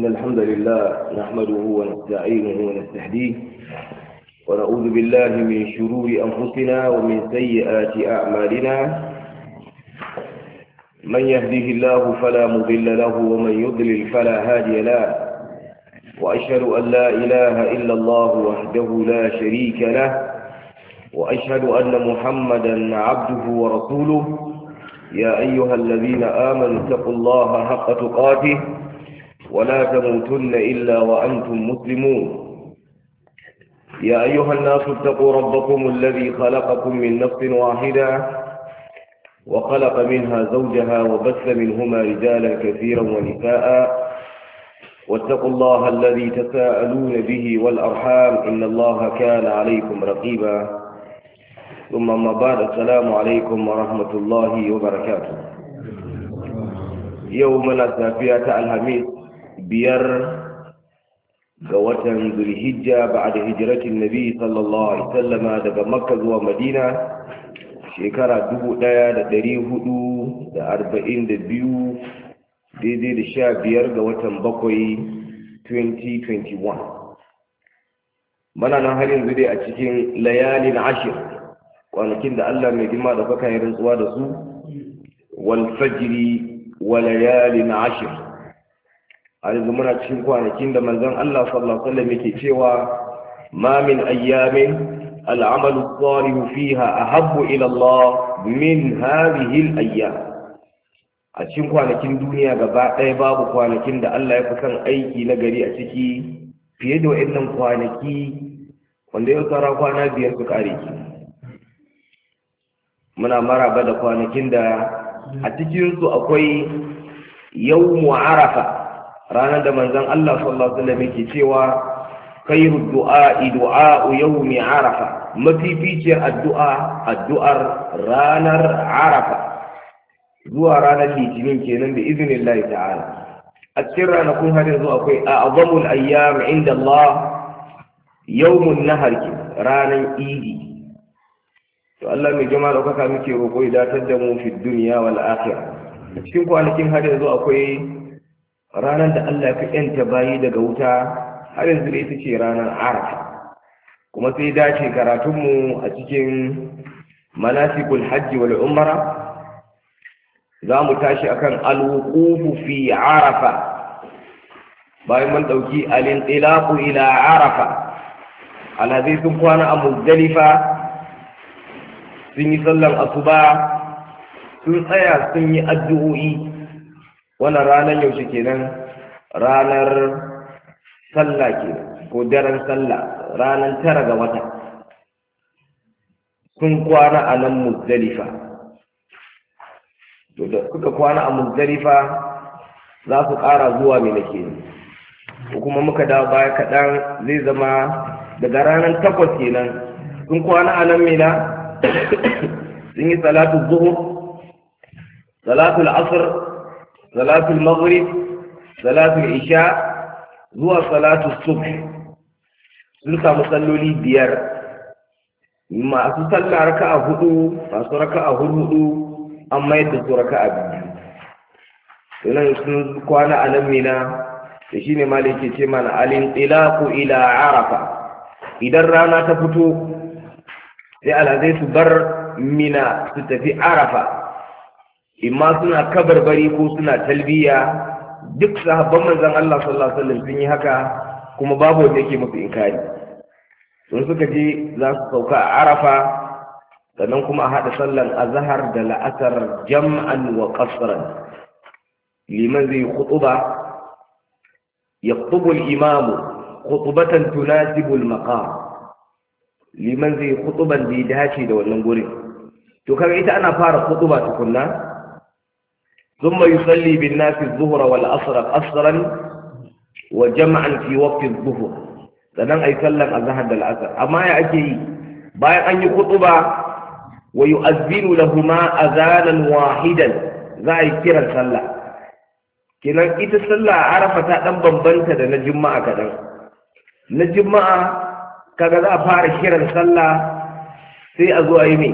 إن الحمد لله نحمده ونستعينه ونستهديه ونعوذ بالله من شرور أنفسنا ومن سيئات أعمالنا من يهديه الله فلا مضل له ومن يضلل فلا هادي له وأشهد أن لا إله إلا الله وحده لا شريك له وأشهد أن محمدا عبده ورسوله يا أيها الذين آمنوا اتقوا الله حق تقاته ولا تموتن إلا وأنتم مسلمون يا أيها الناس اتقوا ربكم الذي خلقكم من نفس واحدة وخلق منها زوجها وبث منهما رجالا كثيرا ونساء واتقوا الله الذي تساءلون به والأرحام إن الله كان عليكم رقيبا ثم ما بعد السلام عليكم ورحمة الله وبركاته يومنا سافية الهميس biyar ga watan zulhijja ba da hijiratin nabi sallallahu alaihi sallama daga makka zuwa madina shekara biyu, daidai da sha biyar ga watan bakwai 2021 mana nan har yanzu dai a cikin layalin ashir kwanakin da allah mai girma da yi rantsuwa da su wal fajiri wa layalin ashir a yanzu muna cikin kwanakin da manzon Allah sallallahu alaihi wasallam yake cewa ma min ayyamin al'amalu salihu fiha ahabbu ila Allah min hadhihi al-ayyam a cikin kwanakin duniya gaba ɗaya babu kwanakin da Allah ya fi son aiki na gari a ciki fiye da waɗannan kwanaki wanda ya tsara kwana biyar su kare ki muna maraba da kwanakin da a cikinsu akwai yawmu arafa ranar da manzon Allah sallallahu alaihi wasallam yake cewa khairu du'a du'a mai arafa mafificiyar addu'a addu'ar ranar arafa zuwa ranar litinin kenan da iznillahi ta'ala a cikin ranakun har yanzu akwai a'zamul ayyam inda Allah yawmun nahar ranar idi to Allah mai jama'a da kuka muke roƙo ya da mu fi duniya wal akhirah cikin kwanakin har yanzu akwai ranar da Allah ka yanta bayi daga wuta har yanzu ita ce ranar arafa kuma sai dace karatunmu a cikin manasikul hajji wal umara za mu tashi akan alwuqufu fi arafa bayan mun ɗauki al ila arafa alhazai sun kwana a muzdalifa sun yi sallan asuba sun tsaya sun yi addu'o'i wannan ranar yaushe kenan ranar sallah ke ko daren sallah ranar tara ga wata kun kwana a nan muzdalifa to da kuka kwana a muzdalifa za ku ƙara zuwa mai nake ko kuma muka dawo baya kaɗan zai zama daga ranar takwas kenan sun kwana a nan mina sun yi salatu zuhu salatu al'asar salatul maghrib salatul isha zuwa salatul subh sun samu salloli biyar masu sallah raka'a hudu masu a hudu an mayar da su raka'a biyu sunan sun kwana a nan mina da shine malik ke ce mana alin tilaqu ila arafa idan rana ta fito sai alhazai su bar mina su tafi arafa imma suna kabarbari ko suna talbiya duk sahabban manzon Allah sallallahu alaihi wasallam sun yi haka kuma babu wanda yake musu inkari sun suka je za su sauka a arafa sannan kuma a haɗa sallan azhar da la'asar jam'an wa qasran liman zai khutuba yaktubu al-imamu khutbatan tunasibu al-maqam liman zai khutuban da ya dace da wannan gurin to kaga ita ana fara khutuba tukunna ثم يصلي بالناس الظهر والعصر قصرا وجمعا في وقت الظهر sannan ai sallan azhar da la'asar. amma ya ake yi bayan an yi kutuba wa yu'azzinu a azanan wahidan za a yi kiran sallah Kinan ita sallah a arafa ta dan bambanta da na juma'a kadan na juma'a kaga za a fara kiran sallah sai a zo a yi me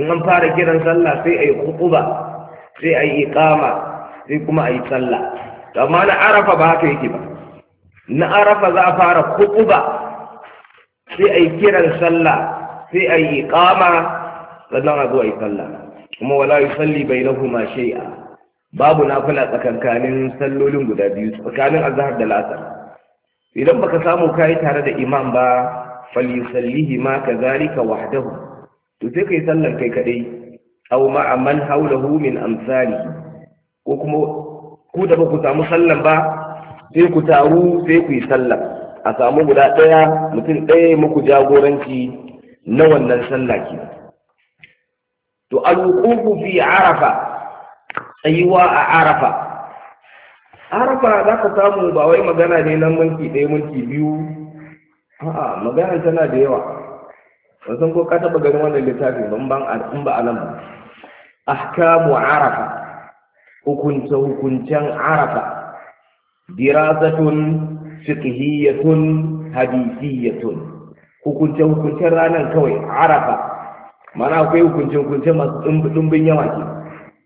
in an fara kiran sallah sai a yi kutuba sai a yi iqama sai kuma a yi sallah to amma na arafa ba haka yake ba na arafa za a fara ba. sai a yi kiran sallah sai a yi iqama sannan a zo a yi sallah kuma wala bai na kuma shai'a babu nafila tsakankanin sallolin guda biyu tsakanin azahar da la'asar idan baka samu kayi tare da imam ba fali sallihi ma ka ka wahdahu to sai kai sallar kai kadai aw ma'a man hawlahu min amsali ko kuma ku da ba ku samu sallan ba sai ku taru sai ku yi sallan a samu guda ɗaya mutum ɗaya muku jagoranci na wannan sallah ke to alwuqufu fi arafa tsayuwa a arafa arafa za ka samu ba wai magana ne nan mulki ɗaya mulki biyu a'a magana tana da yawa wasan ko ka taɓa ganin wannan littafin ban ban in ba a nan ba ahkamu arafa hukunta hukuncen arafa dirazatun fiqhiyatun hadisiyatun hukunce hukuncen ranar kawai arafa mana akwai hukunce hukunce masu ɗumbin yawa ke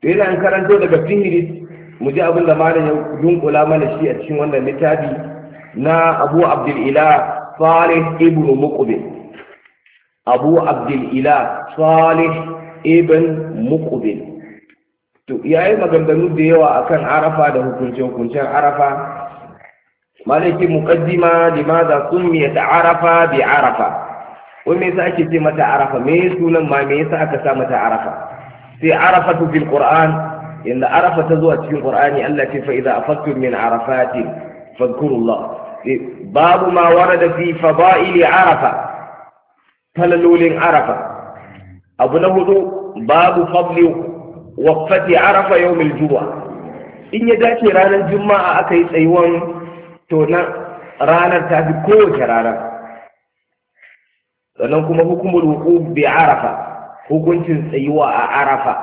to yana karanto daga fihiri mu ji abin da malam ya dunkula mana shi a cikin wannan littafi na abu abdul ila salih ibnu muqbil abu abdul ila salih ibn muqbil to yayi maganganu da yawa akan arafa da hukuncin hukuncin arafa malaki muqaddima limadha summiyat arafa bi arafa wai me yasa ake ce mata arafa me sunan ma me yasa aka sa mata arafa sai arafatu fil qur'an inda arafa ta zuwa cikin qur'ani Allah ce fa idza afattum min arafatin fadhkurullah babu ma warada fi fada'ili arafa falalolin arafa abu na hudu babu fadli waqfati arafa yawmil juma'a in ya dace ranar juma'a aka yi tsayuwan to na ranar ta fi kowace ranar. sannan kuma hukumul wuquf bi arafa hukuncin tsayuwa a arafa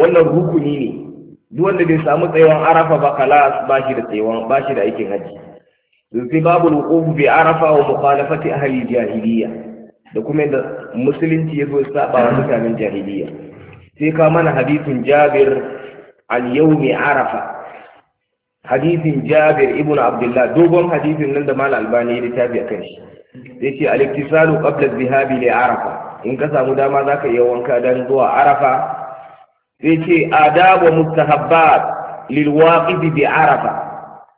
wannan rukuni ne duk wanda bai samu tsayuwan arafa ba kalas ba shi da tsayuwan ba shi da aikin haji sai babu wuquf bi arafa wa mukhalafati ahli jahiliya da kuma yadda musulunci ya zo saba wa mutanen jahiliya sai ka mana hadisin jabir al yawmi arafa Hadisin jabir Ibn abdullah dogon hadisin nan da mala albani ya littafi akan shi sai ce al-iktisalu qabla dhahabi arafa in ka samu dama zaka iya wanka dan zuwa arafa sai ce adabu mustahabbat lil bi arafa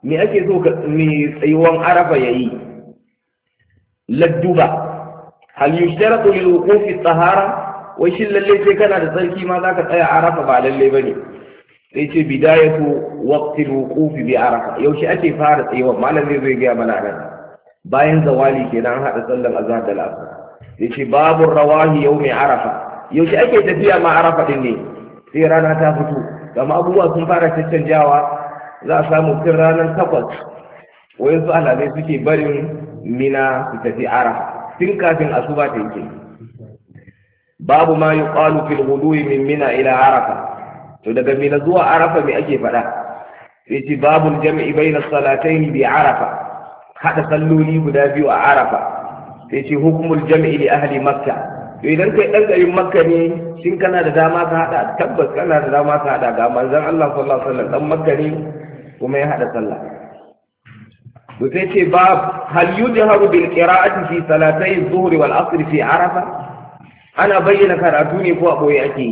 me ake so ka me tsayuwan arafa yayi ladduba hal yushtaratu lil wuqufi tahara wai shin lalle sai kana da sarki ma zaka tsaya arafa ba lalle bane sai ce bidayatu waqti al wuqufi bi arafa yaushe ake fara tsayawa malam zai ga mana nan bayan zawali kenan hada sallan azhar da al'asr sai ce babu rawahi yawmi arafa yaushe ake tafiya ma arafa din ne sai rana ta fito kama abubuwa sun fara caccanjawa za a samu tun ranar takwas wayansu alamai suke barin mina su tafi arafa tun kafin asuba ta yake babu ma yuqalu fil wudu'i min mina ila arafa to daga mina zuwa arafa me ake faɗa sai ce babul jam'i baina salatayn bi arafa Haɗa salloli guda biyu a arafa sai ce hukumul jam'i li ahli makka to idan kai ɗan garin makka ne shin kana da dama ka hada tabbas kana da dama ka hada ga manzon Allah sallallahu alaihi wasallam makka ne kuma ya haɗa sallah to sai ce ba hal yujharu bil qira'ati fi salatay adh wal asr fi arafa ana bayyana karatu ne ko a boye ake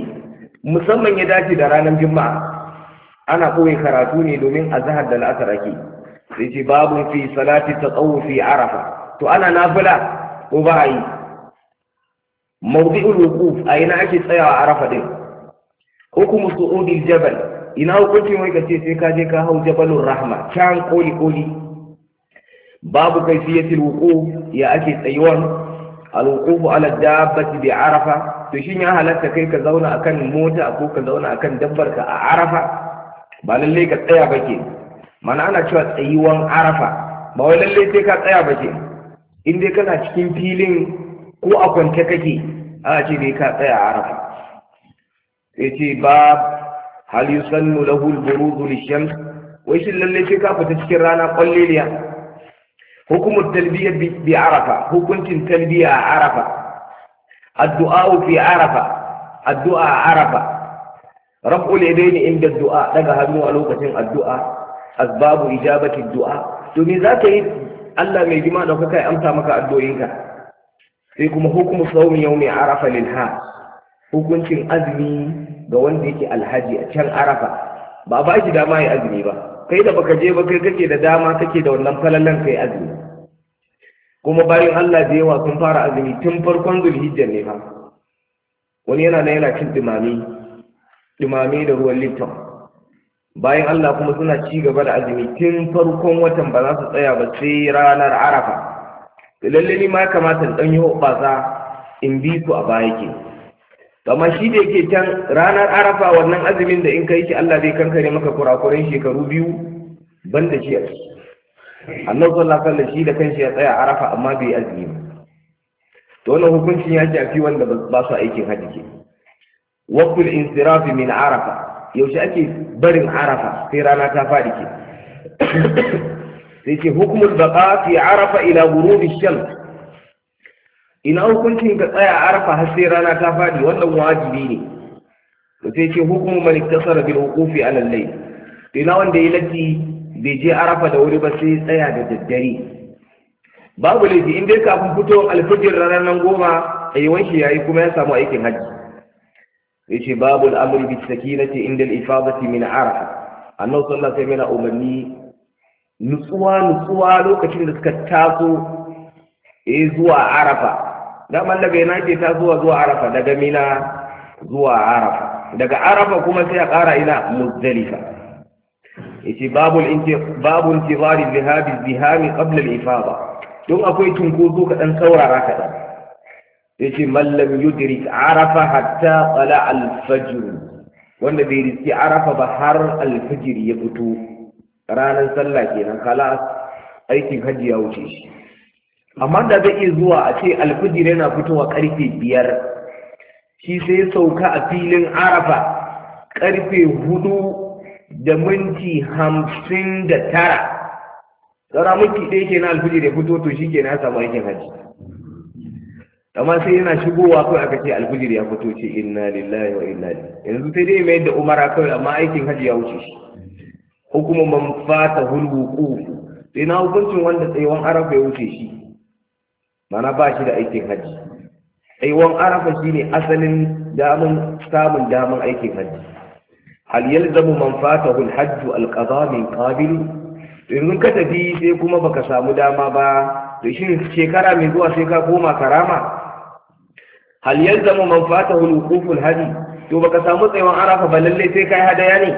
musamman ya dace da ranar juma'a ana koyi karatu ne domin azhar da al'asr ake sai ce babu fi salati taqawu fi arafa to ana nafila ko ba a yi mawdi'ul wuquf ayi na ake tsayawa arafa din hukumu su'udil jabal ina hukuncin wai kace sai ka je ka hau jabalur rahma can koli koli babu kaifiyatil wuquf ya ake tsayuwar alwuqufu ala dabbati bi arafa to shin ya halatta kai ka zauna akan mota ko ka zauna akan dabbar ka a arafa ba lalle ka tsaya ba ke mana ana cewa tsayuwan arafa ba wai lalle sai ka tsaya ba ke in dai kana cikin filin ko a kwance kake ana ce dai ka tsaya a arafa sai ce ba hal yusannu lahu al buruz lish-shams wai shin lalle sai ka fita cikin rana kwalleliya hukumu talbiya bi arafa hukuncin talbiya a arafa addu'a fi arafa addu'a a arafa rabu ne inda addu'a daga hannu a lokacin addu'a asbabu ijabati du'a to me zaka yi Allah mai jima da kuka amsa maka addu'o'inka sai kuma hukumu sawmi yawmi arafa lil ha hukuncin azumi ga wanda yake alhaji a can arafa ba ba shi dama ya azumi ba kai da baka je ba kai kake da dama kake da wannan falalan kai azumi kuma bayan Allah da yawa sun fara azumi tun farkon zulhijjar ne ba wani yana na yana cin dumame dumame da ruwan litton bayan Allah kuma suna ci gaba da azumi tun farkon watan ba za su tsaya ba sai ranar arafa lalle ni ma kamata in ɗan yi hoɓasa in bi ku a baya ke kamar shi da yake can ranar arafa wannan azumin da in kai shi Allah zai kankare maka kurakurai shekaru biyu ban da shi a ciki annabi sallallahu alaihi shi da kanshi ya tsaya arafa amma bai azumi ba to wannan hukuncin ya shafi wanda ba su aikin haji ke wakul insirafi min arafa yaushe ake barin arafa sai rana ta faɗi ke sai ce hukmul baqa fi arafa ila gurubi shams ina hukuncin ka tsaya a rafa har sai rana ta fadi wannan wajibi ne to sai ce hukumu man iktasara bil wuqufi ala al-layl ina wanda ya latti bai je arafa da wuri ba sai tsaya da daddare babu laifi in dai kafin fito alfijir ranar nan goma a yi wanki yayi kuma ya samu aikin hajji ya ce babu al'amuri bi sakinati inda al-ifadati min arafa annabi sallallahu alaihi wasallam umarni nutsuwa nutsuwa lokacin da suka taso eh zuwa arafa daman daga yana ce ta zuwa zuwa arafa daga mina zuwa arafa daga arafa kuma sai a ƙara ina muzdalifa Ishi babu inti babul intizari zihabi zihami qabla al don akwai cunkoso kaɗan saurara kaɗan yace man lam arafa hatta tsala al wanda bai riski arafa ba har al ya fito ranar sallah kenan kala aikin hajji ya wuce shi amma da zai iya zuwa a ce alfijir yana fitowa karfe biyar shi sai sauka a filin arafa karfe hudu da minti hamsin da tara tsara minti ɗaya ke na alfijir ya fito to shi ke na samu aikin hajji amma sai yana shigowa kawai aka ce alfijir ya fito ce inna lillahi wa inna ilaihi yanzu sai dai mai da umara kawai amma aikin hajji ya wuce shi hukumar man fata hulwu sai na hukuncin wanda tsayuwan arafa ya wuce shi mana ba shi da aikin hajji aiwon arafa shine asalin damun samun damun aikin hajji hal yalzamu man fatahu al-hajj al-qada min qabil in ka tafi sai kuma baka samu dama ba to shin shekara mai zuwa sai ka koma karama hal yalzamu man fatahu al-wuquf al to baka samu tsayawan arafa ba lallai sai ka yi hadaya ne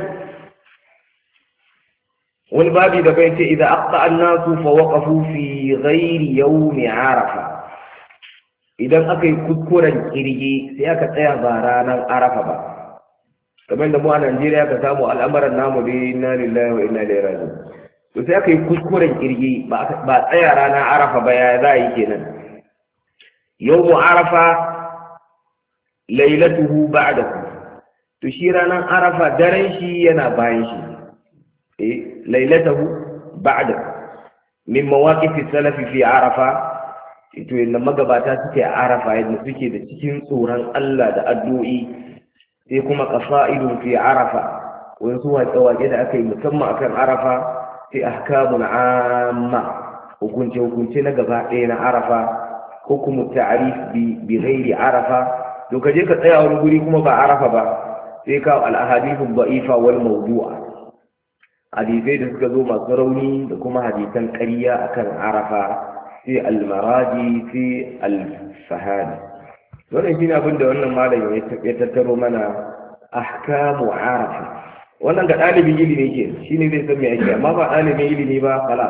wani babi da bai ce idan aqta annasu fa waqafu fi ghairi mai arafa idan aka yi kuskuren kirgi sai aka tsaya ba ranar arafa ba kamar da mu a Najeriya ka samu al'amuran namu dai na lillahi wa inna ilaihi to sai aka yi kuskuren kirgi ba tsaya ranar arafa ba ya za a yi kenan yawmu arafa lailatuhu ba'dahu to shi ranar arafa daren shi yana bayan shi lailatahu ba'da min mawaqifi salafi fi arafa to yanda magabata suke a arafa yadda suke da cikin tsoron Allah da addu'i, sai kuma qasa'idun fi arafa wasu waƙe-waƙe da aka yi musamman akan arafa sai ahkamun amma hukunce-hukunce na gaba ɗaya na arafa ko kuma ta'arif bi ghairi arafa to kaje ka tsaya wani guri kuma ba arafa ba sai ka al-ahadithu da'ifa wal mawdu'a hadisai da suka zo masu rauni da kuma hadisan ƙarya akan arafa sai almaraji sai alfahani wannan shi abin da wannan malam ya tattaro mana ahkamu arafa wannan ga ɗalibin ilimi ke shi ne zai san me ake amma ba ɗalibin ilimi ba kala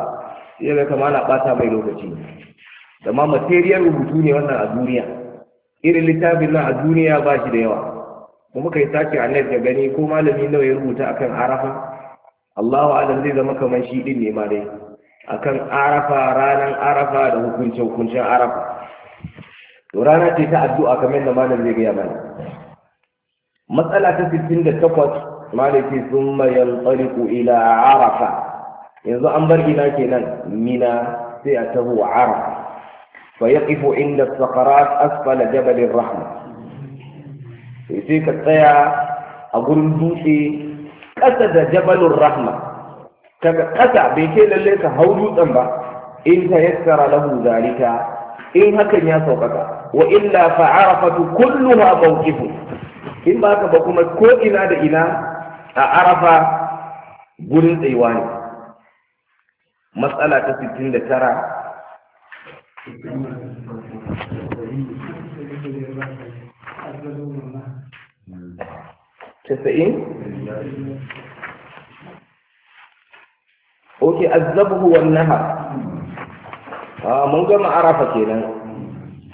sai ga kama ana ɓata mai lokaci da ma material rubutu ne wannan a duniya irin littafin nan a duniya ba shi da yawa kuma kai sake a net ka gani ko malami nawa ya rubuta akan arafa Allahu alam zai zama kamar shi ɗin ne ma dai akan arafa ranar arafa da hukuncin hukuncin arafa to rana ce ta addu'a kamar da malam zai gaya mana matsala ta 68 Maliki sun mayan yantariqu ila arafa yanzu an bar ina kenan mina sai a taho arafa fa yaqifu inda sakarat asfala jabal rahma sai ka tsaya a gurin dutse ƙasa da jabalun rahma kaga ƙasa bai ke lalle ka hau dutsen ba in ta yassara lahu zalika in hakan ya sauƙaƙa wa illa fa arafatu kulluha mawqifu in ba ka ba kuma ko ina da ina a arafa gurin tsayuwa ne matsala ta 69 casa'in ok azzabuhu wan nahar mun gama arafa kenan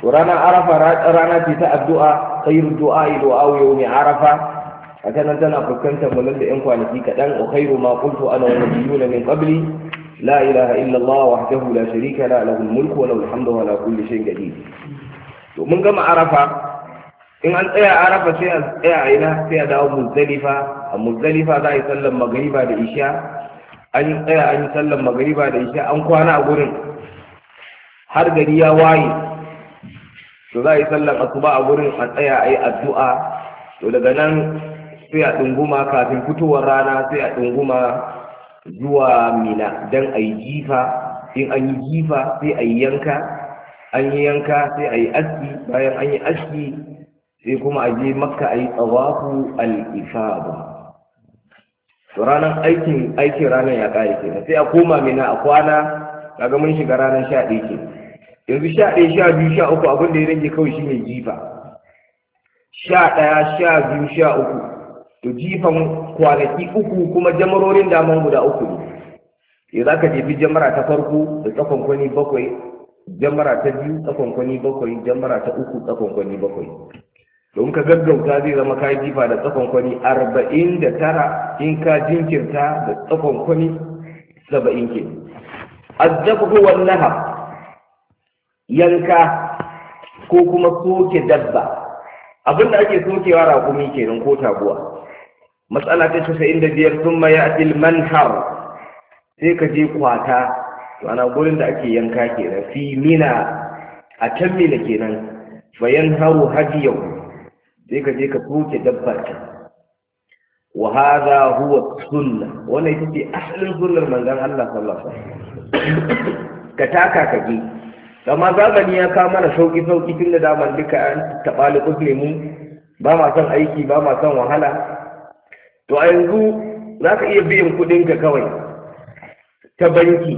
ranar arafa rana ce ta addu'a khairu du'a du'a yawmi arafa haka nan tana fuskantar mu nan yan kwanaki kaɗan wa khairu ma qultu ana wa nabiyuna min qabli la ilaha illa Allah wahdahu la sharika la lahu al-mulku wa lahu al-hamdu wa to mun gama arafa in an tsaya arafa sai a tsaya a ina sai a dawo muzdalifa a muzdalifa za a yi sallan magariba da isha an yi tsaya an yi sallan magariba da isha an kwana a gurin har gari ya waye to za a yi sallan asuba a gurin a tsaya a yi addu'a to daga nan sai a ɗunguma kafin fitowar rana sai a ɗunguma zuwa mina don a yi jifa in an yi jifa sai a yi yanka an yi yanka sai a yi aski bayan an yi aski sai kuma a je makka a yi tsawafu al'ifaba to ranar aikin aikin ranar ya ƙare ke sai a koma mina a kwana kaga mun shiga ranar sha ɗaya ke yanzu sha ɗaya sha biyu sha uku abin da ya rage kawai shine jifa sha ɗaya sha biyu sha uku to jifan kwanaki uku kuma jamarorin daman guda uku ne ya za ka jefi jamara ta farko da tsakon kwani bakwai jamara ta biyu tsakon kwani bakwai jamara ta uku tsakon kwani bakwai don ka gaggauta zai zama ka jifa da tsakon kwani arba'in da tara in ka jinkirta da tsakon kwani saba'in ke azzabu wallaha yanka ko kuma soke dabba abin da ake sokewa raƙumi kenan ko tabuwa. matsala ta casa'in da biyar sun maya manhar sai ka je kwata to ana gurin da ake yanka kenan fi mina a can mina kenan bayan haru yau. sai ka je ka soke dabbar ka wa hada huwa sunna wannan ita ce asalin sunnar manzon Allah sallallahu alaihi wasallam ka taka ka je amma zamani ya kawo mana sauki sauki tun da daman duka an taɓa ne mu ba ma son aiki ba ma son wahala to a yanzu za ka iya biyan kuɗinka kawai ta banki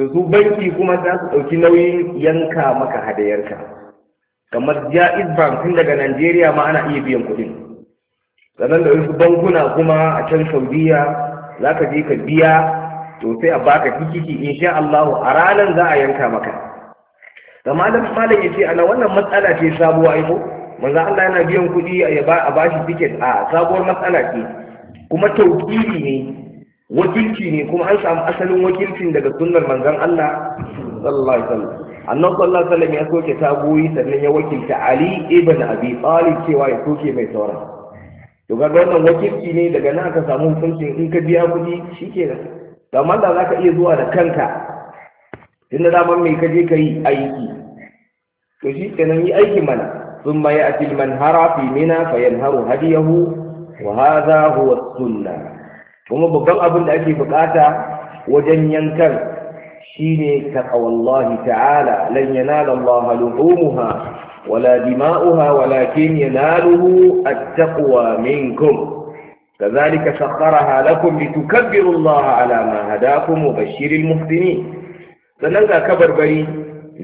to su banki kuma za su ɗauki nauyin yanka maka hadayarka kamar jaiz bank tun daga najeriya ma ana iya biyan kuɗin sannan da wasu bankuna kuma a can saudiya za ka je ka biya to sai a baka tikiti insha allahu a ranar za a yanka maka da malam malam ya ce ana wannan matsala ce sabuwa aiko manzo Allah yana biyan kuɗi a shi tiket a sabuwar matsala ce kuma tauƙiri ne wakilci ne kuma an samu asalin wakilcin daga sunnar manzan Allah sallallahu alaihi wasallam annan sallallahu alaihi ya soke tagoyi sannan ya wakilta ali ibn abi talib cewa ya soke mai sauran to ga wannan wakilci ne daga nan aka samu hukuncin in ka biya kuɗi shikenan amma da zaka iya zuwa da kanka tunda daman mai kaje ka yi aiki to shikenan yi aiki mana sun ma ya atil man hara fi mina fa yanharu hadiyahu wa hadha huwa sunnah kuma babban abin da ake bukata wajen yankan shine wallahi ta'ala lan yanala Allah luhumuha wala dima'uha walakin yanaluhu at-taqwa minkum كذلك سخرها لكم لتكبروا الله على ما هداكم وبشر المحسنين sannan ga kabarbari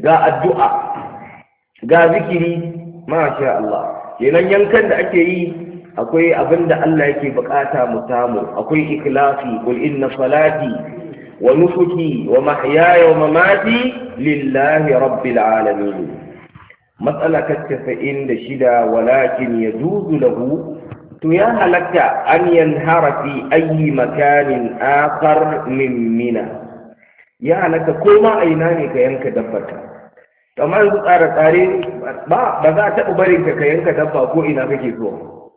ga addu'a ga zikiri masha Allah kenan yankan da ake yi akwai abinda Allah yake bukata mu samu akwai ikhlasi qul inna salati ونسكي ومحياي ومماتي لله رب العالمين مسألة كتفئن لشدا ولكن يجوز له تياها لك أن ينهر في أي مكان آخر من منى يا لك كما أينانك ينك دفرك amma yanzu tsare-tsare ba za a taɓa barinka ka yanka dabba ko ina kake zuwa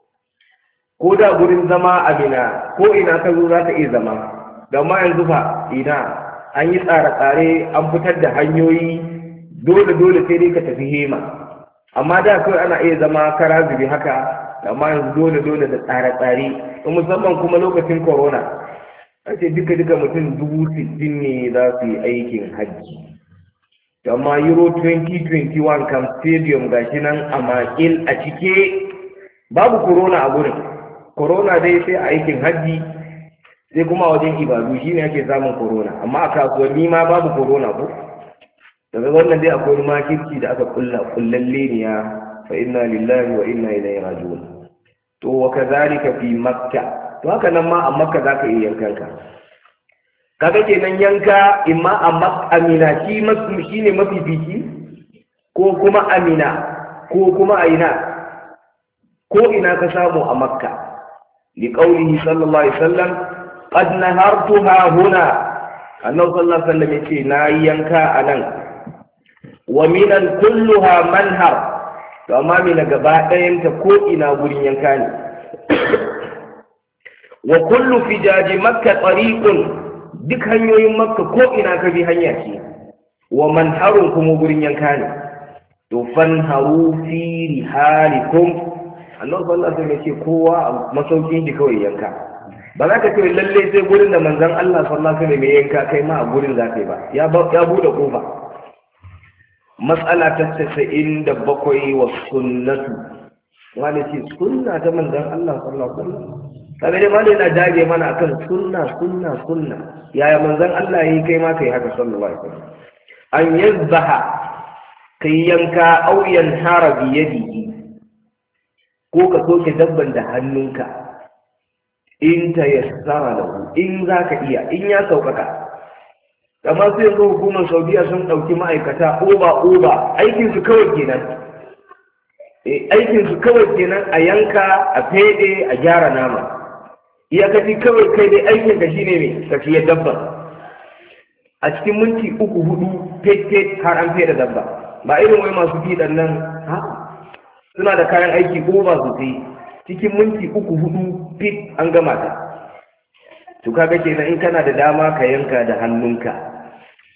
ko da gurin zama a mina ko ina ka zo za ka iya zama gama yanzu fa ina an yi tsare-tsare an fitar da hanyoyi dole-dole sai dai ka tafi hema amma da kawai ana iya zama kara zubi haka Gama yanzu dole-dole da tsare-tsare musamman kuma lokacin corona ce duka-duka mutum dubu sittin ne za su yi aikin hajji Gama euro 2021 kam stadium shi nan a makil a cike babu corona a gurin corona dai sai aikin hajji sai kuma wajen ibadu shi ne ake samun korona. amma a kasuwanni ma babu korona ko daga wannan dai akwai kirki da aka kulla kullalle ne ya fa inna lillahi wa inna ilaihi raji'un to wa kadhalika fi makka to haka nan ma a makka zaka yi yankan ka kaga kenan yanka imma a makka amina shi masu shine mafifici ko kuma amina ko kuma aina ko ina ka samu a makka li sallallahu alaihi wasallam qad nahartuha huna annabi sallallahu alaihi wasallam yace na yanka anan wa minan kulluha manhar to amma mina gaba ɗayan ta ko ina gurin yanka ne wa kullu fijaji makka tariqun duk hanyoyin makka ko ina ka bi hanya ce wa manharun kuma gurin yanka ne to fanharu fi rihalikum annabi sallallahu alaihi wasallam yace kowa masauki masaukin kawai yanka ba za ka ce lalle sai gurin da manzan Allah sallallahu alaihi wasallam ya yanka kai ma a gurin za ka yi ba ya ba ya bude kofa mas'ala ta 97 wa sunnatu wani ce sunna ta manzan Allah sallallahu alaihi wasallam kabe dai malai na dage mana akan sunna sunna sunna yaya manzan Allah yayi kai ma kai haka sallallahu alaihi wasallam an yazbaha kai yanka auyan hara yadi ko ka soke dabban da hannunka in ta yassara ku. in za ka iya in ya sauƙaƙa Da sai yanzu hukumar saudiya sun ɗauki ma'aikata oba oba aikinsu kawai kenan eh, aikinsu kawai kenan a yanka a fede a gyara nama iyakaci kawai kai dai aikin ka shine mai tafiyar dabba a cikin minti uku hudu fete har an fede dabba ba irin wai masu fiɗan nan ha suna da kayan aiki oba sosai cikin minti uku hudu fit an gama ta to kaga kenan in kana da dama ka yanka da hannunka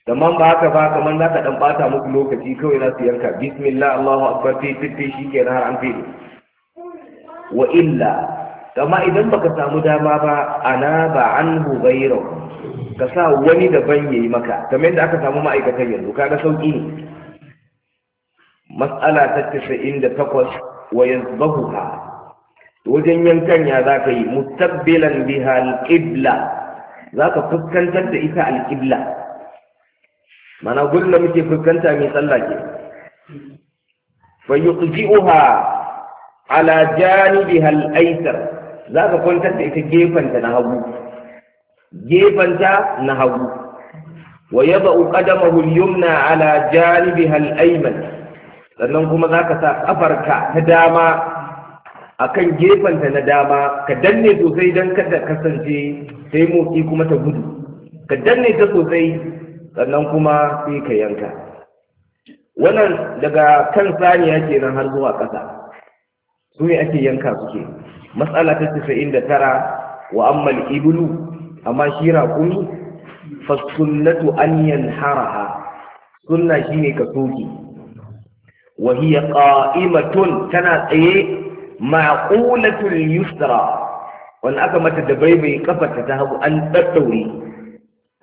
amma ba haka ba kamar za ka dan bata muku lokaci kawai za su yanka bismillah allahu akbar fi fit ke shikenan har an fito wa illa amma idan baka samu dama ba ana ba anhu ghayrahu ka sa wani daban yayi maka kamar yadda aka samu ma'aikatan yanzu kaga sauki ne mas'ala ta 98 wa yazbahuha wajen yankan ya za ka yi mustabbilan biha alƙibla za ka fuskantar da ita alƙibla mana gurin da muke fuskanta mai sallah ke fa uha, ala jani al-aysar za ka kwantar da ita gefanta na hagu gefanta na hagu wa yada'u qadamahu al na ala jani al-ayman sannan kuma za ka sa kafarka ta dama a akan gefenta na dama ka danne sosai don kada kasance sai motsi kuma ta gudu ka danne ta sosai sannan kuma sai ka yanka wannan daga kan saniya kenan har zuwa ƙasa su ne ake yanka suke matsala ta tisa'in da tara wa ammal ibulu amma shi raƙumi fasunnatu an yanharaha sunna shine ka soke wa hiya qa'imatun tana tsaye ma'qulatul yusra wani aka mata da baibai kafarta ta hagu an daddaure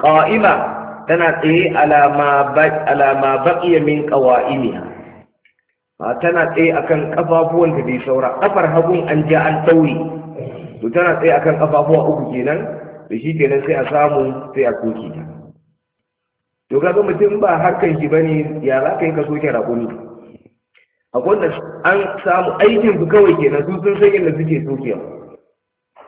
qa'ima tana tsaye alama alama baqiya min qawa'imiha tana tsaye akan kafafuwan da bai saura kafar hagun an ja an daure to tana tsaye akan kafafuwa uku kenan da shi kenan sai a samu sai a koke to kaga mutum ba harkan shi bane ya za ka yi ka soke raƙumi akwai an samu aikin su kawai kenan su sun san yadda suke sokewa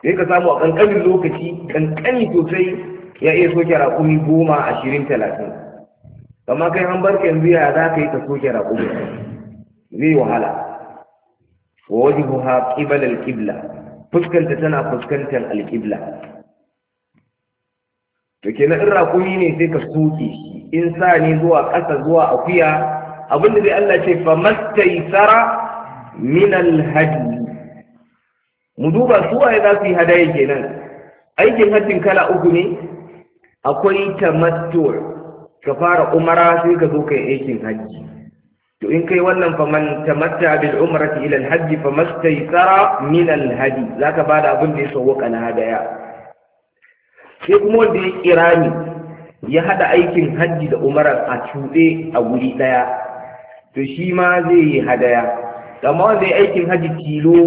sai ka samu a ƙanƙanin lokaci ƙanƙani sosai ya iya soke raƙumi goma ashirin talatin amma kai an ka yanzu ya za ka yi ta soke raƙumi zai wahala wa ku ha ƙibal alƙibla fuskanta tana fuskantar alƙibla. to kenan in raƙumi ne sai ka soke shi in sa ne zuwa ƙasa zuwa akuya abin da zai Allah ce fa mastaisara min alhadi mu duba su waye za su yi hadaya kenan aikin hajjin kala uku ne akwai tamattu ka fara umara sai ka zo kai aikin hajji to in kai wannan fa man tamatta bil umrati ila alhajji fa mastaisara min alhadi zaka bada abin da ya sauka na hadaya sai kuma wanda ya kirani ya hada aikin hajji da umara a cuɗe a wuri ɗaya to shi ma zai yi hadaya amma wanda ya aikin haji tilo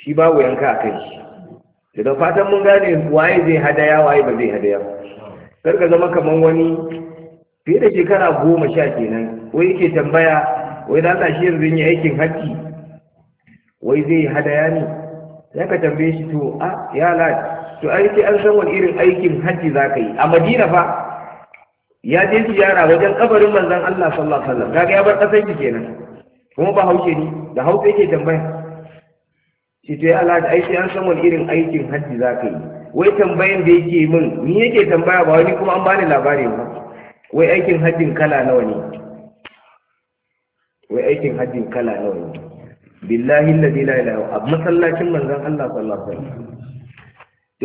shi babu yanka a kai shi da fatan mun gane waye zai hadaya waye ba zai hadaya kar ka zama kamar wani fiye da shekara goma sha kenan wai yake tambaya wai da Allah shi yanzu yin aikin haji wai zai yi hadaya ne sai ka tambaye shi to a ah, ya lati to ai sai an san wani irin aikin haji za ka yi a madina fa ya je ziyara wajen kabarin manzon Allah sallallahu alaihi wasallam kaga ya bar kasar ki kenan kuma ba hauke ni da hauke yake tambaya shi to ya alaji ai sai an san wani irin aikin hajji za ka yi wai tambayan da yake min ni yake tambaya ba wani kuma an bani labarin ba wai aikin hajjin kala nawa ne wai aikin hajjin kala nawa ne billahi alladhi la ilaha illa masallacin manzon Allah sallallahu alaihi wasallam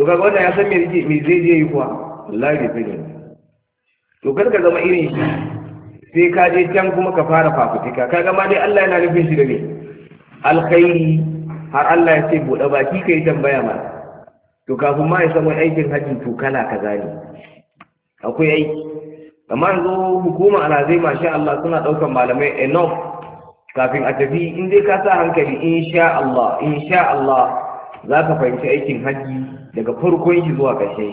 to kaga wannan ya san me me zai je yi kuwa wallahi bai sani to kada ka zama irin shi sai ka je can kuma ka fara fafutuka kaga ma dai Allah yana nufin shi da ne alkhairi har Allah ya ce buɗe baki ka tambaya ma to kafin ma ya samu aikin hajji to kana ka gane akwai aiki amma yanzu hukuma ma masha Allah suna ɗaukar malamai enough kafin a tafi in dai ka sa hankali insha Allah insha Allah za ka fahimci aikin hajji daga farkon shi zuwa kashe.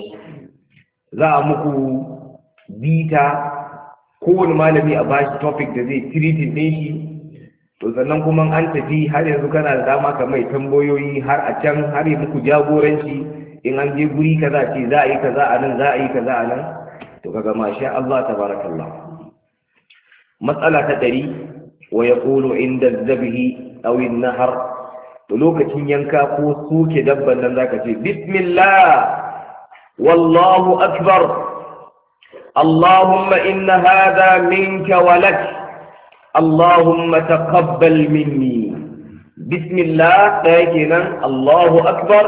za a muku bita kowane malami a bashi topic da zai tiritin ɗin shi to sannan kuma an tafi har yanzu kana da dama ka mai tambayoyi har a can har yi muku jagoranci in an je guri kaza ce za a yi kaza a nan za a yi kaza a nan to kaga masha Allah barakallah matsala ta ɗari wa yaqulu inda zabihi aw nahar to lokacin yanka ko soke dabban nan zaka ce bismillah wallahu akbar اللهم إن هذا منك ولك اللهم تقبل مني بسم الله تاكنا الله أكبر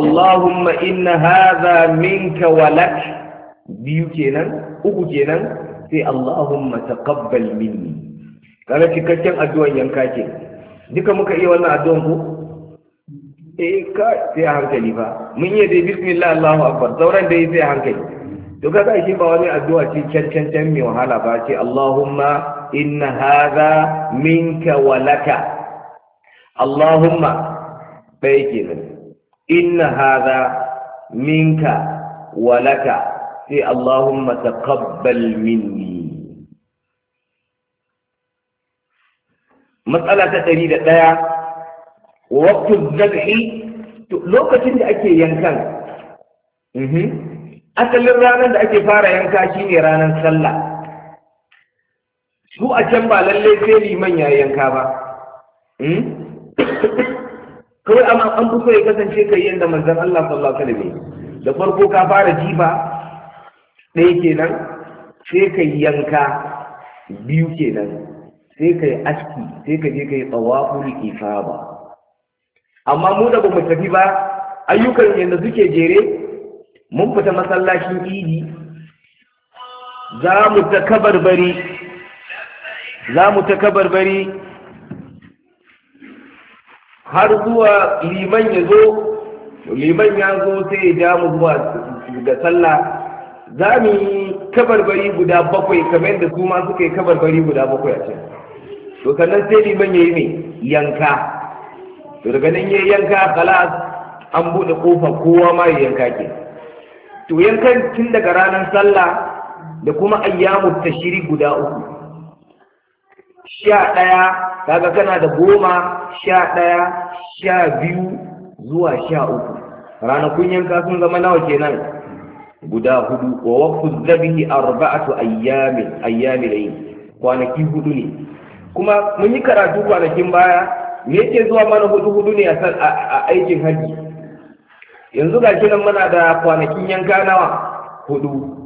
اللهم إن هذا منك ولك بيوكنا أبوكنا في اللهم تقبل مني كانت تكتن أدوان ينكاكي duka muka iya wannan addu'an ku eh ka sai a hankali fa mun yi da bismillah Allahu akbar sauran dai sai a hankali to kaga shi ba wani addu'a ce cancancan mai wahala ba ce Allahumma inna hadha minka wa laka Allahumma bai kenan inna hadha minka wa laka sai Allahumma taqabbal minni matsala ta ɗari da ɗaya waqtu dhabhi lokacin da ake yankan mhm, asalin ranar da ake fara yanka shine ranar sallah su a can ba lalle sai liman ya yanka ba hmm? kawai amma an fi so ya kasance kai yadda manzan Allah sallallahu alaihi wasallam da farko ka fara jifa ɗaya kenan sai yi yanka biyu kenan sai ka yi aski sai ka je kai tsawaful ba. amma mu da bamu tafi ba ayyukan yadda suke jere mun fita masallacin idi za mu ta kabarbari za mu ta kabarbari har zuwa liman ya zo liman ya zo sai ya ja mu zuwa ga sallah za mu yi kabarbari guda bakwai kamar yadda su ma suka yi kabarbari guda bakwai a can to sannan sai liman ya yi mai yanka to daga nan ya yanka kalas an buɗe ƙofa kowa ma ya yanka ke to yankan tun daga ranar sallah da kuma ayyamu tashiri guda uku sha ɗaya kaga kana da goma sha ɗaya sha biyu zuwa sha uku ranakun yanka sun zama nawa kenan guda hudu wa waqfu dhabihi arba'atu da yi kwanaki hudu ne kuma mun yi karatu kwanakin baya me yake zuwa mana hudu hudu ne a aikin hajji yanzu ga kiran muna da kwanakin yanka nawa hudu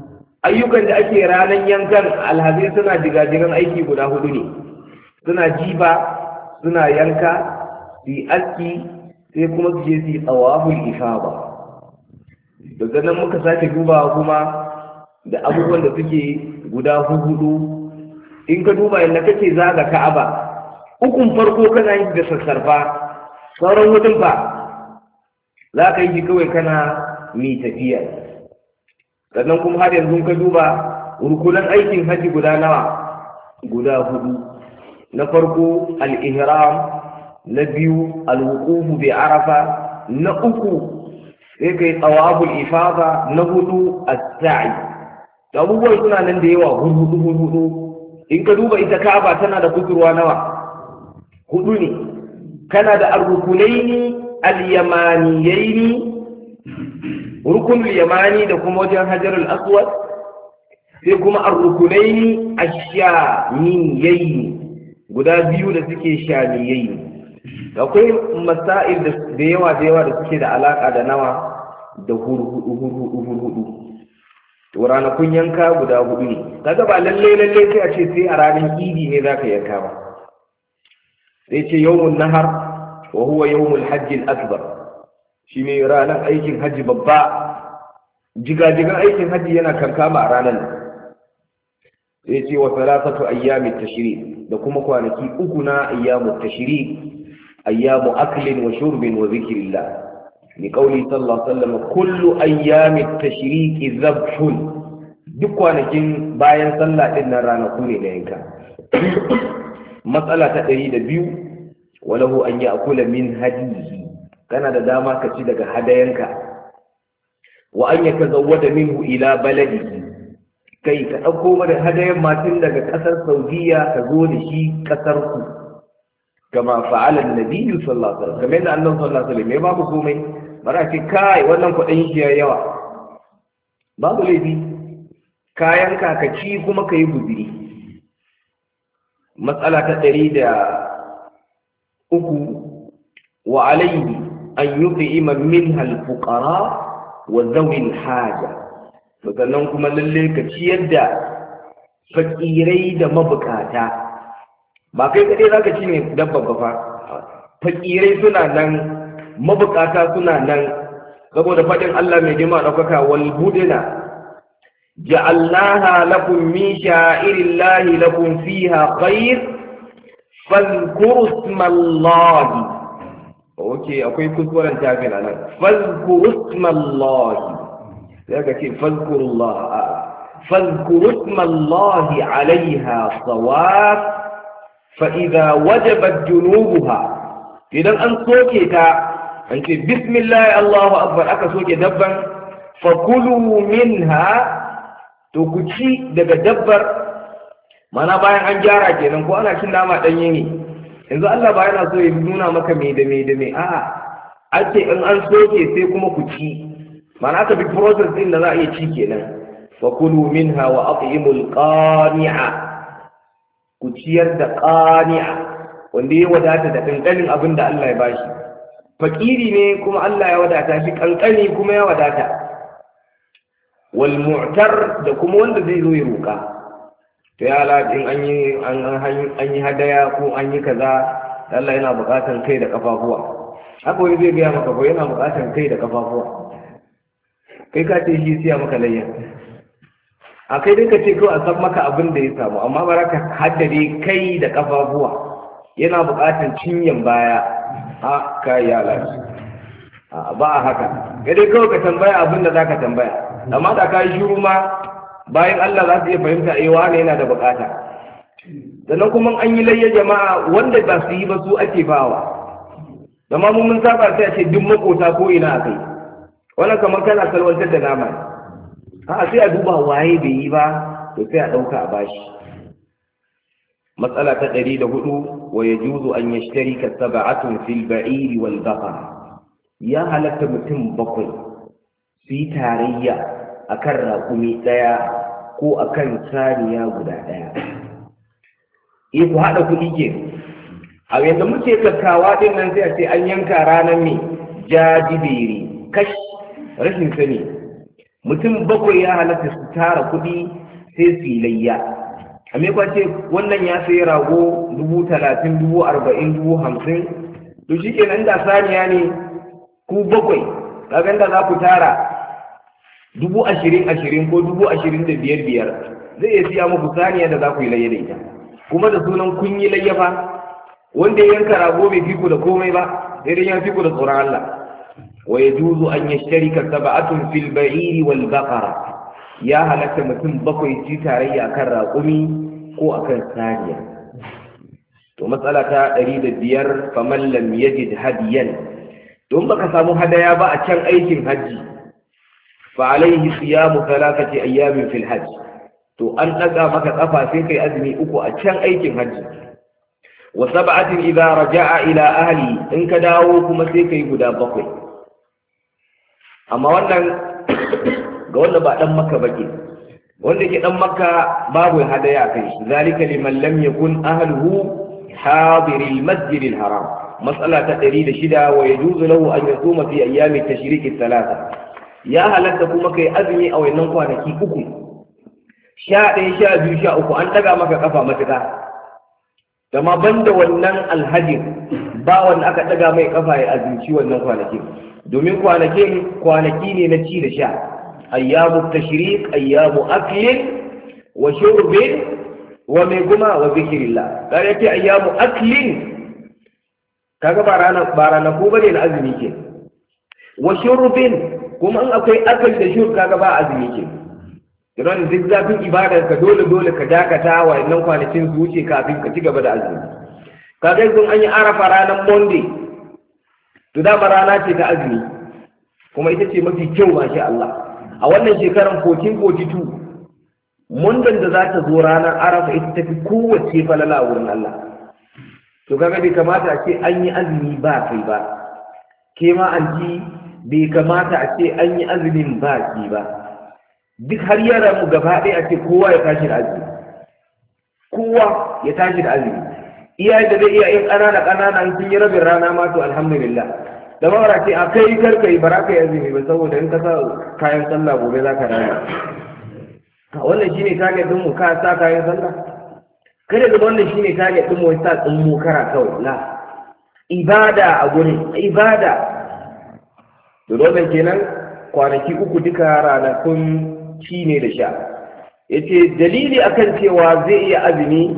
ayyukan da ake ranar yankan alhazai suna jigajigan aiki guda hudu ne suna jiba suna yanka su yi aski sai kuma su je su yi tsawafin ifaba daga nan muka sake dubawa kuma da abubuwan da suke guda hudu in ka duba yadda kake zaga ka'aba ukun farko kana yi da sassarfa sauran hudun fa za ka yi kawai kana mai tafiya sannan kuma har yanzu ka duba rukunan aikin haji guda nawa guda hudu na farko al-ihram na biyu al-wuqufu bi arafa na uku sai kai tsawabul Ifafa. na hudu as-sa'i abubuwan suna nan da yawa hudu hudu hudu in ka duba ita ka'aba tana da kuturwa nawa hudu ne kana da ne al-yamaniyaini rukunul yamani da kuma wajen hajarul aswad sai kuma ar-rukunaini ash-shamiyaini guda biyu da suke shamiyaini akwai masail da yawa da yawa da suke da alaka da nawa da hurhudu hurhudu to ranakun yanka guda hudu ne kaga ba lalle lalle sai a ce sai a ranar idi ne zaka yanka ba sai ce yawmun nahar wa huwa yawmul hajj al-akbar shine ranar aikin haji babba jigajigan aikin haji yana kankama a ranar sai ce wa salasatu ayyamit tashri da kuma kwanaki uku na ayyamut tashri ayyamu aklin wa shurbin wa zikrillah li qawli sallallahu alaihi wasallam kullu ayyamit tashriqi zabhun duk kwanakin bayan sallah din nan ranaku ne da yanka matsala ta ɗari da biyu walahu an ya'kula min hadihi kana da dama ka ci daga hadayanka wa an yatazawwada minhu ila baladihi kai ka dauko mana hadayan matin daga kasar Saudiya ka zo da shi kasar ku kama fa'ala an-nabi sallallahu alaihi wasallam kamar annabi sallallahu alaihi wasallam babu komai bara ce kai wannan kudin shi yawa babu laifi kayan kakaci kuma ka yi guziri matsala ta ɗari da uku wa alaihi an yi fi'ima min halfukara wa zawin haja sannan kuma lalle ka ciyar da fakirai da mabukata ba kai kaɗai za ka ci ne dabba ba fa fakirai suna nan mabukata suna nan saboda faɗin Allah mai girma ɗaukaka wal budina ja'alnaha lakum min sha'irillahi lakum fiha khair fazkuru smallahi ok akwai kuskuren tafin a nan fazkuru smallahi sai ka ce fazkuru Allah fazkuru smallahi alaiha sawab fa idza wajabat junubuha idan an soke ta an ce bismillah Allahu akbar aka soke dabban fakulu minha to ku ci daga dabbar mana bayan an gyara kenan ko ana cin nama ɗanye ne yanzu Allah ba yana so ya nuna maka mai-da-mai da me da me a'a ake in an soke sai kuma ku ci mana aka bi process din da za a iya ci kenan fa kulu minha wa at'imul qani'a ku ciyar da qani'a wanda ya wadata da kankanin abin da Allah ya bashi fakiri ne kuma Allah ya wadata shi kankani kuma ya wadata wal mu'tar da kuma wanda zai zo ya roka to ya in an yi an yi hadaya ko an yi kaza Allah yana buƙatar kai da kafafuwa haka wani zai gaya maka ko yana buƙatar kai da kafafuwa kai ka ce shi siya maka layya a kai dai ka ce kawai a san maka abin da ya samu amma ba ka haddade kai da kafafuwa yana buƙatar cinyan baya a kai ya ba a haka kai dai kawai ka tambaya abin da za ka tambaya amma da ka yi shuru ma bayan Allah za su iya fahimta wa eh, wane yana da bukata sannan kuma an yi layya jama'a wanda ba su yi ba su ake bawa zama mu mun saba sai a ce duk makota ko ina a kai wannan kamar kana salwantar da nama a sai a duba waye bai yi ba to sai a ɗauka a bashi matsala ta ɗari da hudu wa ya juzu an ya shari ka saba'atun fil ba'iri wal ya halatta mutum bakwai su yi tarayya a kan raƙumi ɗaya ko a kan saniya guda ɗaya E, ku haɗa kuɗi ke a yanzu muke kakkawa ɗin nan sai a ce an yanka ranar mai jajibiri kash rashin sani mutum bakwai ya halatta su tara kuɗi sai su layya a me kwace wannan ya sayi rago dubu talatin dubu arba'in dubu hamsin to shi kenan da saniya ne ku bakwai kagan da za ku tara dubu ashirin ashirin ko dubu ashirin da biyar biyar zai iya siya muku saniya da za ku yi layya da ita kuma da sunan kun yi wanda ya yanka rago bai ku da komai ba sai dai ya ku da tsoron Allah wa juzu an yashtarika sab'atun fil ba'iri wal baqara ya halatta mutum bakwai ci tarayya kan raƙumi ko akan saniya to matsala ta ɗari da biyar faman lam yajid hadiyan don baka samu hadaya ba a can aikin hajji فعليه صيام ثلاثة أيام ayyamin الحج to an ɗaga maka ƙafa sai kai azumi uku a can aikin hajji wa sab'atin idza raja'a ila ahli in ka dawo kuma sai kai guda bakwai amma wannan ga wanda ba dan makka bake wanda ke dan makka babu hadaya kai zalika liman lam yakun ahluhu hadir masjid al-haram mas'ala ta 106 wa yajuzu lahu an yasuma fi ayyam at-tashriq ath-thalatha ya halatta kuma kai azumi a wannan kwanaki uku sha ɗaya sha biyu sha uku an ɗaga maka ƙafa matuƙa gama da wannan alhajin ba wanda aka ɗaga mai ƙafa ya azumci wannan kwanaki. domin kwanakin kwanaki ne na ci da sha ayyamu tashriq ayyamu aklin wa shurbin wa mai guma wa zikirillah kare yake ayyamu aklin kaga ba rana ba rana ko bane na azumi ke wa shurbin kuma an akwai akal da shi kaga ba azumi ke don duk zafin ibadar ka dole dole ka dakata wa nan kwanakin su wuce kafin ka ci gaba da azumi kaga sun an yi arafa ranar monday to dama rana ce ta azumi kuma ita ce mafi kyau ba shi Allah a wannan shekarar 1442 mundan da za ta zo ranar arafa ita tafi kowace falala wurin Allah to kaga bai kamata a ce an yi azumi ba kai ba ke ma an ji bai kamata a ce an yi azumin baki ba duk har yara mu gaba ɗaya a ce kowa ya tashi da azumi kowa ya tashi da azumi iyaye da zai iya yin ƙanana ƙanana sun yi rabin rana ma to alhamdulillah da mawara ce a kai karkai ba za ka yi azumi ba saboda in ka sa kayan sallah gobe za ka rana wannan shine target din mu ka sa kayan sallah kada da wannan shine target din mu sa tsin kara kawai la ibada a gurin ibada to dole kenan kwanaki uku duka ranakun ci ne da sha yace dalili akan cewa zai iya azumi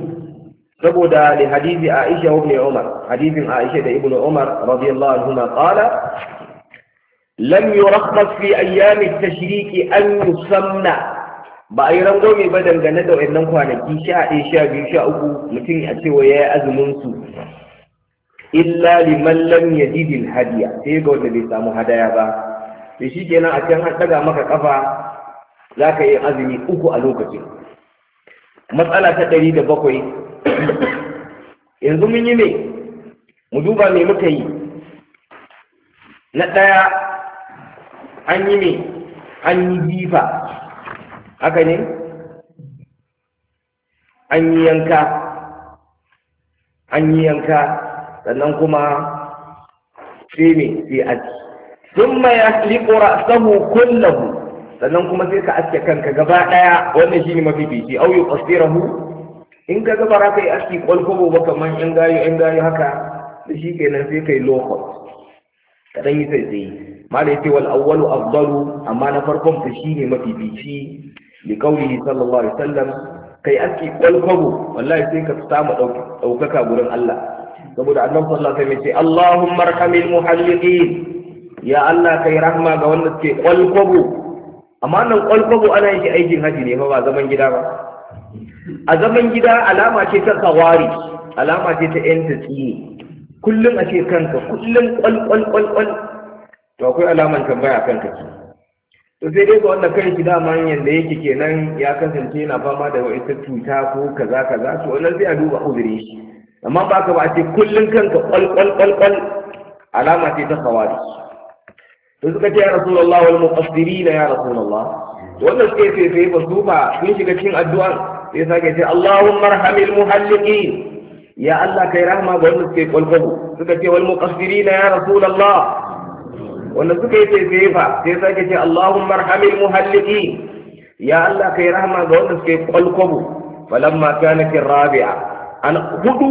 saboda li hadisi Aisha ibn Umar hadisin Aisha da ibn Umar radiyallahu anhu qala lam yurakhas fi ayyam at shiriki an yusamna ba a yi rangwami ba dangane da wannan kwanaki sha ɗaya sha biyu sha uku mutum a cewa ya yi azumin su illa liman lam yajid hadiya sai ga wanda bai samu hadaya ba to shikenan a can an daga maka kafa zaka yi azumi uku a lokacin matsala ta ɗari da bakwai yanzu mun yi me mu duba me muka yi na ɗaya an yi me an yi jifa haka ne an yi yanka an yi yanka sannan kuma sai me sai aji sun ma ya liƙo ra'asahu kullahu sannan kuma sai ka aske kanka gaba ɗaya wannan shine mafi fifi au yi ƙasirahu in ka gaba za ka yi aski kwalkwabo ba kamar yan gayu yan gayu haka da shi kenan sai kai yi lokot kaɗan yi sai sai mala yace wal awwalu afdalu amma na farkon ta shine mafi fifi li qawlihi sallallahu alaihi wasallam kai aski kwalkwabo wallahi sai ka samu ɗaukaka gurin Allah saboda annabi sallallahu alaihi wasallam ya ce Allahumma arhamil muhalliqin ya Allah kai rahma ga wanda suke kwalkwabo amma nan kwalkwabo ana yin shi aikin haji ne fa ba zaman gida ba a zaman gida alama ce ta kawari alama ce ta 'yanta tsini kullum a ce kanka kullum kwalkwal to akwai alaman tambaya kanka ki to sai dai ga wanda kan shi dama yanda yake kenan ya kasance yana fama da wata cuta ko kaza kaza to wannan sai a duba uzurin shi amma ba ka ba ce kullum kanka kwalkwalkwalkwal alama ce ta kawari to suka ce ya rasulallah wal muqassiri na ya rasulallah wannan suke fefe ba su ba sun shiga cikin addu'an sai sake ce allahumma arhamil muhalliqin ya allah kai rahma ga wanda suke kwalkwabo suka ce wal muqassiri na ya rasulallah wanda suka yi fefe fa sai sake ce allahumma arhamil muhalliqin ya allah kai rahma ga wanda suke kwalkwabo falamma kanat rabi'a an hudu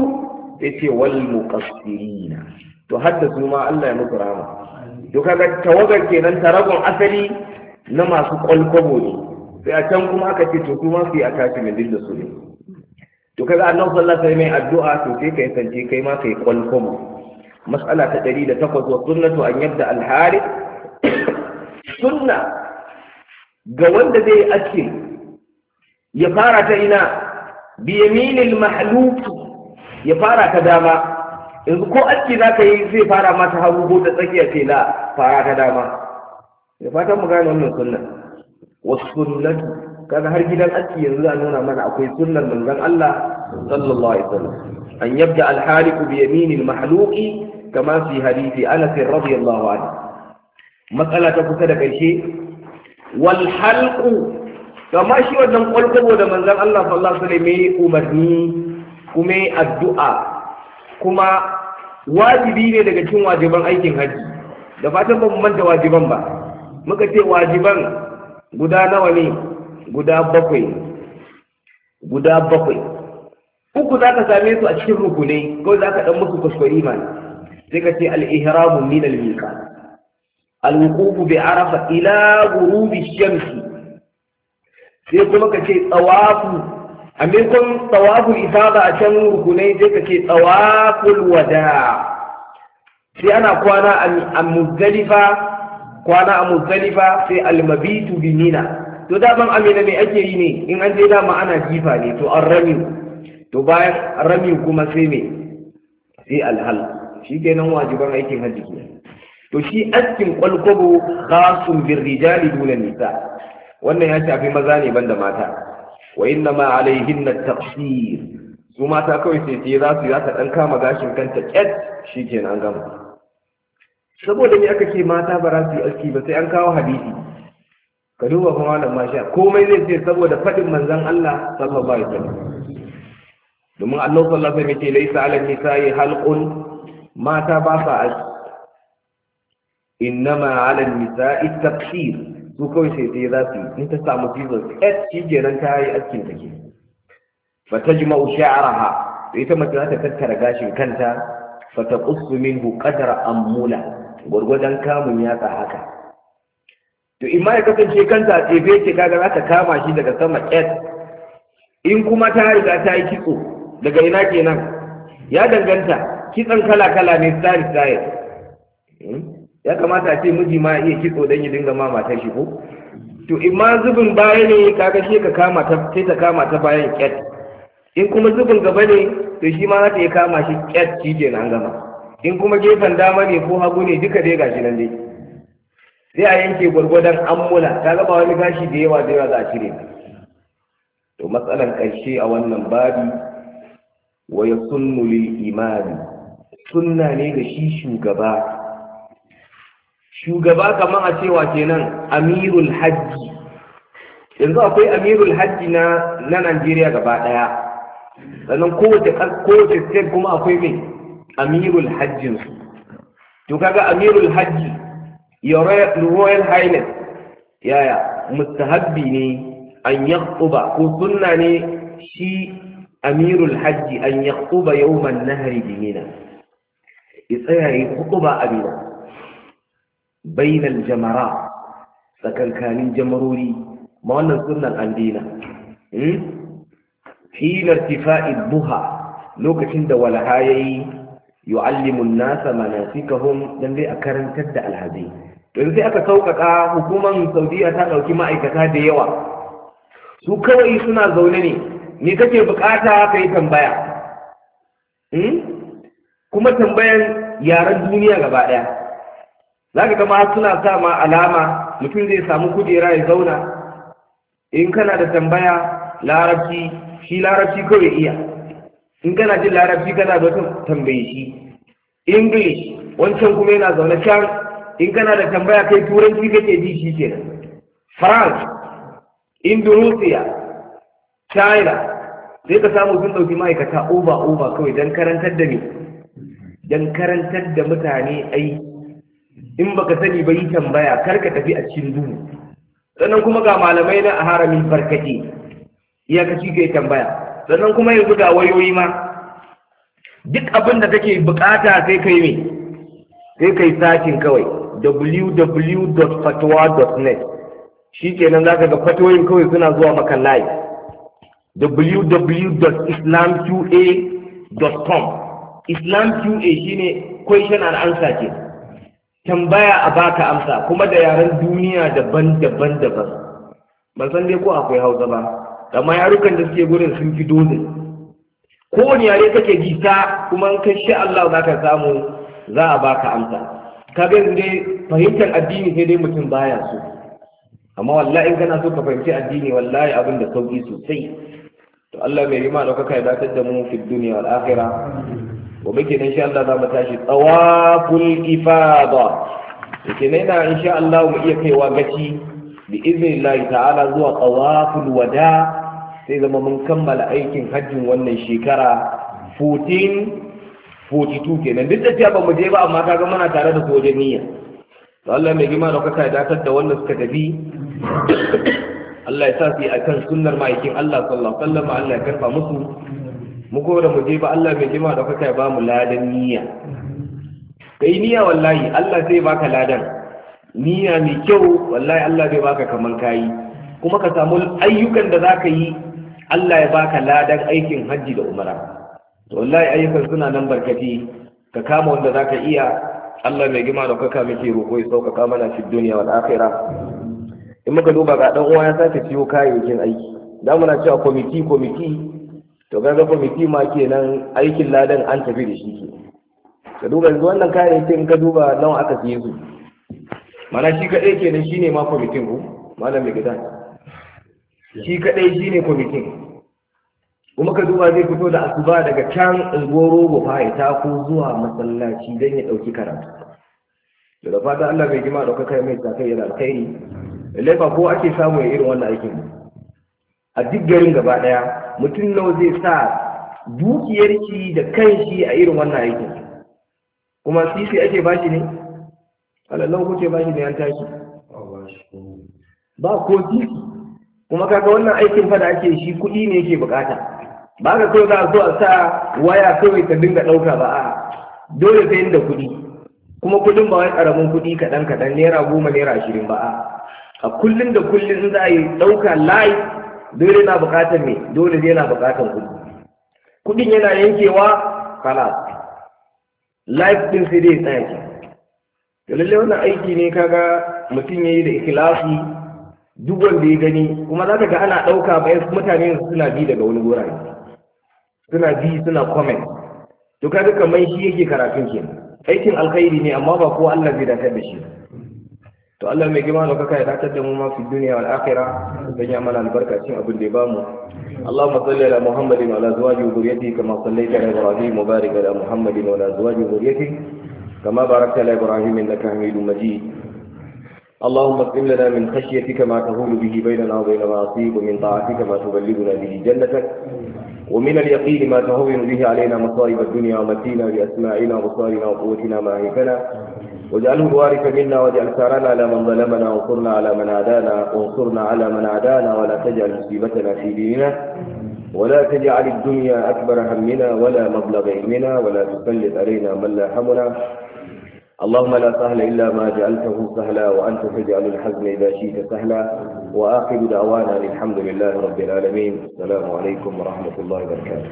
ya ce wal muqassirina to hadda su ma Allah ya musu rama to kaga tawagar kenan ta ragon asali na masu kwalkwabo ne sai a can kuma aka ce to kuma su yi attachment mai dinda su ne to kaga annabi sallallahu alaihi wasallam mai addu'a to sai kai sance kai ma kai kwalkwabo mas'ala ta 108 wa sunnatu an yabda al harith sunna ga wanda zai aske ya fara ta ina biyaminil mahluki ya fara ta dama yanzu ko aski za ka yi zai fara mata hagu ko da tsakiya ce la fara ta dama Ya fatan mu gane wannan sunan. wasu sunnatu kaga har gidan aski yanzu a nuna mana akwai sunnar manzon Allah sallallahu alaihi wasallam an yabda al-haliku bi yaminil mahluqi kama fi hadisi Anas radiyallahu anhu matsala ta kusa da karshe wal halqu amma shi wannan kwalkwabo da manzan Allah sallallahu alaihi wasallam yi umarni kuma yi addu'a kuma wajibi ne daga cikin wajiban aikin haji da fatan ba manta wajiban ba muka ce wajiban guda nawa ne guda bakwai guda bakwai uku za ka same su a cikin rukunai ko za ka ɗan musu kuskure ma sai ka ce al-ihramu min al-miqat al-wuqufu bi arafa ila ghurubi shamsi sai kuma ka ce tsawafu a maimakon tsawafu ba a can rukunai sai ka ce tsawaful wada sai ana kwana a muzdalifa kwana a muzdalifa sai almabitu binina to daman amina mai ake yi ne in an je dama ana jifa ne to an rami to bayan rami kuma sai me sai alhal shi kenan wajiban aikin hajji to shi askin kwalkwabo khasun birrijali dole nisa wannan ya shafi maza ne banda mata wa inna ma alaihin na tafsir su mata kawai sai ce za su yi ta ɗan kama gashin kanta ƙyat shi ke an gama saboda me aka ce mata ba za su yi aski ba sai an kawo hadisi ka duba kuma wannan masha komai zai ce saboda faɗin manzan Allah sallallahu alaihi wasallam domin Allah sallallahu alaihi wasallam ya ce laisa ala nisa'i halqun mata ba sa aski innama ala nisa'i tafsir su kawai sai sai za su in ta samu jesus et shi kenan ta yi askin take fa tajma'u sha'raha ita mace za ta tattara gashin kanta fa taqussu minhu buƙatar amula gwargwadon kamun yatsa haka to in ma ya kasance kanta a tsefe ce kaga za ta kama shi daga sama et in kuma ta riga ta yi kitso daga ina kenan ya danganta kitson kala-kala ne style style hmm? ya kamata a ce miji ma iya kitso don ya dinga ma matar shi ko to in ma zubin baya ne kaga shi ka kama ta sai ta kama ta bayan kyat in kuma zubin gaba ne to shi ma za ta iya kama shi kyat shi ke nan gama in kuma gefen dama ne ko hagu ne duka dai gashi nan dai sai a yanke gwargwadon ammula ta gaba wani gashi da yawa da yawa za a cire to matsalan ƙarshe a wannan babi wa ya sunnu lil imani sunna ne ga shi shugaba shugaba kamar a cewa kenan amirul hajji yanzu akwai amirul hajji na na Najeriya gaba daya sannan kowace kowace state kuma akwai mai amirul hajjin to kaga amirul hajji ya royal highness yaya mustahabbi ne an yaquba ko sunna ne shi amirul hajji an yaquba yawman nahri bi mina ya tsaya yi hukuba a mina bainal jamara tsakankanin jamarori ma wannan sunan an dina hmm? hina buha lokacin da walha yayi yu'allimu an-nasa manasikahum dan dai a karantar da alhaji to sai aka sauƙaƙa hukumar Saudiya ta ɗauki ma'aikata da yawa su kawai suna zaune ne ni kake bukata kayi tambaya hmm? kuma tambayan yaren duniya gaba ɗaya za ka gama suna sa ma alama mutum zai samu kujera ya zauna in kana da tambaya larabci shi larabci kawai iya in kana jin larabci kana da wata tambaye shi english wancan kuma yana zaune can in kana da tambaya kai turanci kake ji shi nan france indonesia china zai ka samu sun ɗauki ma'aikata over over kawai don karantar da don karantar da mutane aiki in baka sani ba yi tambaya kar ka tafi a cikin duhu sannan kuma ga malamai na a haramin farkace ka kai tambaya sannan kuma yanzu ga wayoyi ma duk abin da kake bukata sai kai me sai kai sashin kawai www.fatwa.net Shi za ka ga fatoyin kawai suna zuwa maka live www.islamqa.com islamqa shine question and answer ce tambaya a baka amsa kuma da yaren duniya daban-daban daban ban san dai ko akwai hausa ba amma yarukan da suke gurin sun fi dozin kowane yare kake ji kuma in kai sha Allah za ka samu za a baka amsa ka ga yanzu dai fahimtar addini sai dai mutum baya so amma wallahi in kana so ka fahimci addini wallahi abin da sauki sosai to Allah mai rima da kuka ya dace da mu fi duniya wal akhirah gobe ke nan Allah za mu tashi tsawaful ifada da ke nan insha Allah mu iya kaiwa gaci da izinin ta'ala zuwa tsawaful wada sai zama mun kammala aikin hajjin wannan shekara 1442 kenan duk da cewa ba mu je ba amma kaga muna tare da sojan niyya to Allah mai gima da kuka dakatar da wannan suka tafi Allah ya sa su yi a kan sunnar ma'aikin Allah sallallahu alaihi wasallam Allah ya karfa musu mu ko da mu je ba Allah mai jima da kuka ba mu ladan niyya kai niyya wallahi Allah zai baka ladan niyya mai kyau wallahi Allah zai baka kaman kai kuma ka samu ayyukan da zaka yi Allah ya baka ladan aikin hajji da umara to wallahi ayyukan suna nan barkati ka kama wanda zaka iya Allah mai gima da kuka muke roƙo ya sauƙaƙa mana fi duniya wal akhirah in muka duba ga dan uwa ya sake ciwo kayayyakin aiki da muna cewa komiti komiti to kaga kwamiti ma kenan aikin ladan an tafi da shi ke ka duba yanzu wannan kayayyakin ka duba nawa aka siye su mana shi kaɗai kenan shi ne ma kwamitin ku malam mai gida shi kaɗai shi ne kwamitin kuma ka duba zai fito da asuba daga can unguwar rogo fa ya tako zuwa masallaci don ya ɗauki karatu da da fata Allah mai jima da kai mai sakai yana alkhairi laifa ko ake samu ya irin wannan aikin a duk garin gaba daya mutum nawa zai sa dukiyar shi da kan shi a irin wannan aikin kuma sisi ake bashi ne alallan kuke bashi ne an tashi ba ko sisi kuma kaga wannan aikin fada ake shi kuɗi ne yake bukata ba ka kawai za a zo a sa waya kawai ta dinga ɗauka ba a dole sai da kuɗi kuma kuɗin ba wai ƙaramin kuɗi kaɗan kaɗan naira goma naira ashirin ba a kullum da kullum za a yi ɗauka live dole na buƙatar me dole yana kudi kuɗi kuɗin yana yankewa kala life din sai dai tsaya ke to lalle wannan aiki ne kaga mutum yayi da ikhlasi duk wanda ya gani kuma zaka ga ana ɗauka bayan mutane suna bi daga wani gurare suna bi suna comment to kaga kamar shi yake karatun kenan aikin alkhairi ne amma ba ko Allah zai dakatar da shi ba to Allah mai girma da kaka ya dace da mu ma fi duniya wal akhirah dan ya mana albarka cikin abin da ya bamu Allahumma salli ala Muhammadin wa ala azwajihi wa dhurriyyatihi kama sallaita ala Ibrahim wa barik ala Muhammadin wa ala azwajihi wa dhurriyyatihi kama barakta ala Ibrahim innaka Hamidum Majid اللهم اقسم لنا من خشيتك ما تهول به بيننا وبين معاصيك ومن طاعتك ما تبلغنا به جنتك ومن اليقين ما تهون به علينا مصائب الدنيا ومتينا بأسماعنا وبصارنا وقوتنا ما أهيتنا واجعله بارك منا واجعل ثارنا على من ظلمنا وانصرنا على من عادانا وانصرنا على من عادانا ولا تجعل مصيبتنا في ديننا ولا تجعل الدنيا أكبر همنا ولا مبلغ علمنا ولا تسلط علينا من لا حمنا اللهم لا سهل إلا ما جعلته سهلا وأنت تجعل الحزن إذا شئت سهلا وآخر دعوانا الحمد لله رب العالمين السلام عليكم ورحمة الله وبركاته